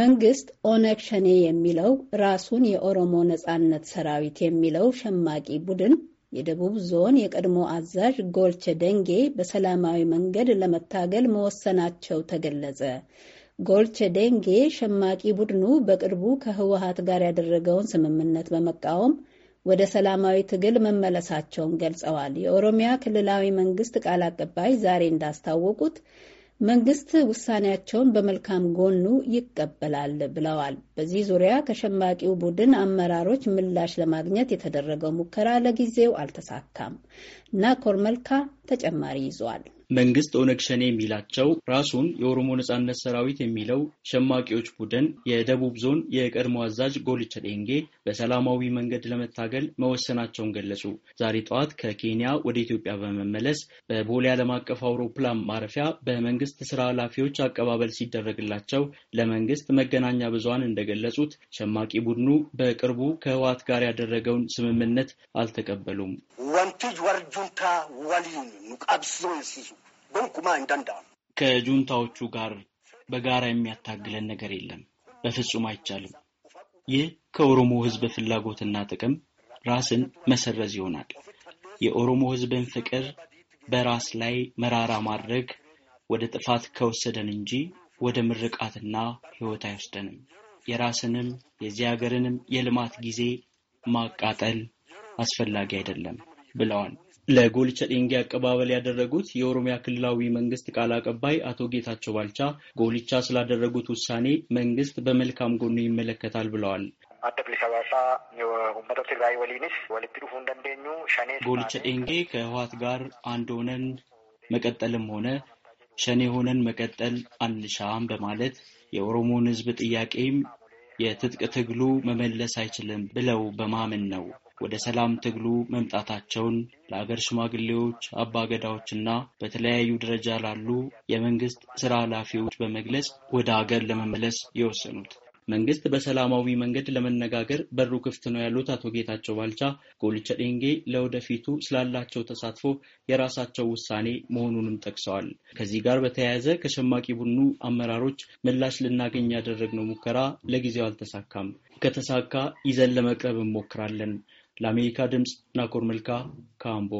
መንግስት ኦነግ ሸኔ የሚለው ራሱን የኦሮሞ ነጻነት ሰራዊት የሚለው ሸማቂ ቡድን የደቡብ ዞን የቀድሞ አዛዥ ጎልቸ ደንጌ በሰላማዊ መንገድ ለመታገል መወሰናቸው ተገለጸ። ጎልቸ ደንጌ ሸማቂ ቡድኑ በቅርቡ ከህወሀት ጋር ያደረገውን ስምምነት በመቃወም ወደ ሰላማዊ ትግል መመለሳቸውን ገልጸዋል። የኦሮሚያ ክልላዊ መንግስት ቃል አቀባይ ዛሬ እንዳስታወቁት መንግስት ውሳኔያቸውን በመልካም ጎኑ ይቀበላል ብለዋል። በዚህ ዙሪያ ከሸማቂው ቡድን አመራሮች ምላሽ ለማግኘት የተደረገው ሙከራ ለጊዜው አልተሳካም። ናኮር መልካ ተጨማሪ ይዟል። መንግስት ኦነግ ሸኔ የሚላቸው ራሱን የኦሮሞ ነጻነት ሰራዊት የሚለው ሸማቂዎች ቡድን የደቡብ ዞን የቀድሞ አዛዥ ጎልቸ ዴንጌ በሰላማዊ መንገድ ለመታገል መወሰናቸውን ገለጹ። ዛሬ ጠዋት ከኬንያ ወደ ኢትዮጵያ በመመለስ በቦሌ ዓለም አቀፍ አውሮፕላን ማረፊያ በመንግስት ስራ ኃላፊዎች አቀባበል ሲደረግላቸው ለመንግስት መገናኛ ብዙሃን እንደገለጹት ሸማቂ ቡድኑ በቅርቡ ከህወሓት ጋር ያደረገውን ስምምነት አልተቀበሉም። ቲ ወርጁንታ ወሊን ኑቃብሶ የስዙ በንኩማ እንደንዳ ከጁንታዎቹ ጋር በጋራ የሚያታግለን ነገር የለም። በፍጹም አይቻልም። ይህ ከኦሮሞ ሕዝብ ፍላጎትና ጥቅም ራስን መሰረዝ ይሆናል። የኦሮሞ ሕዝብን ፍቅር በራስ ላይ መራራ ማድረግ ወደ ጥፋት ከወሰደን እንጂ ወደ ምርቃትና ሕይወት አይወስደንም። የራስንም የዚህ ሀገርንም የልማት ጊዜ ማቃጠል አስፈላጊ አይደለም። ብለዋል። ለጎልቸ ጤንጌ አቀባበል ያደረጉት የኦሮሚያ ክልላዊ መንግስት ቃል አቀባይ አቶ ጌታቸው ባልቻ ጎልቻ ስላደረጉት ውሳኔ መንግስት በመልካም ጎኑ ይመለከታል ብለዋል። ጎልቸ ጤንጌ ከህወሓት ጋር አንድ ሆነን መቀጠልም ሆነ ሸኔ ሆነን መቀጠል አንሻም በማለት የኦሮሞን ህዝብ ጥያቄም የትጥቅ ትግሉ መመለስ አይችልም ብለው በማመን ነው ወደ ሰላም ትግሉ መምጣታቸውን ለአገር ሽማግሌዎች፣ አባገዳዎችና በተለያዩ ደረጃ ላሉ የመንግስት ስራ ኃላፊዎች በመግለጽ ወደ አገር ለመመለስ የወሰኑት። መንግስት በሰላማዊ መንገድ ለመነጋገር በሩ ክፍት ነው ያሉት አቶ ጌታቸው ባልቻ ጎልቸ ዴንጌ ለወደፊቱ ስላላቸው ተሳትፎ የራሳቸው ውሳኔ መሆኑንም ጠቅሰዋል። ከዚህ ጋር በተያያዘ ከሸማቂ ቡድኑ አመራሮች ምላሽ ልናገኝ ያደረግነው ሙከራ ለጊዜው አልተሳካም። ከተሳካ ይዘን ለመቅረብ እንሞክራለን። ለአሜሪካ ድምፅ ናኮር መልካ ካምቦ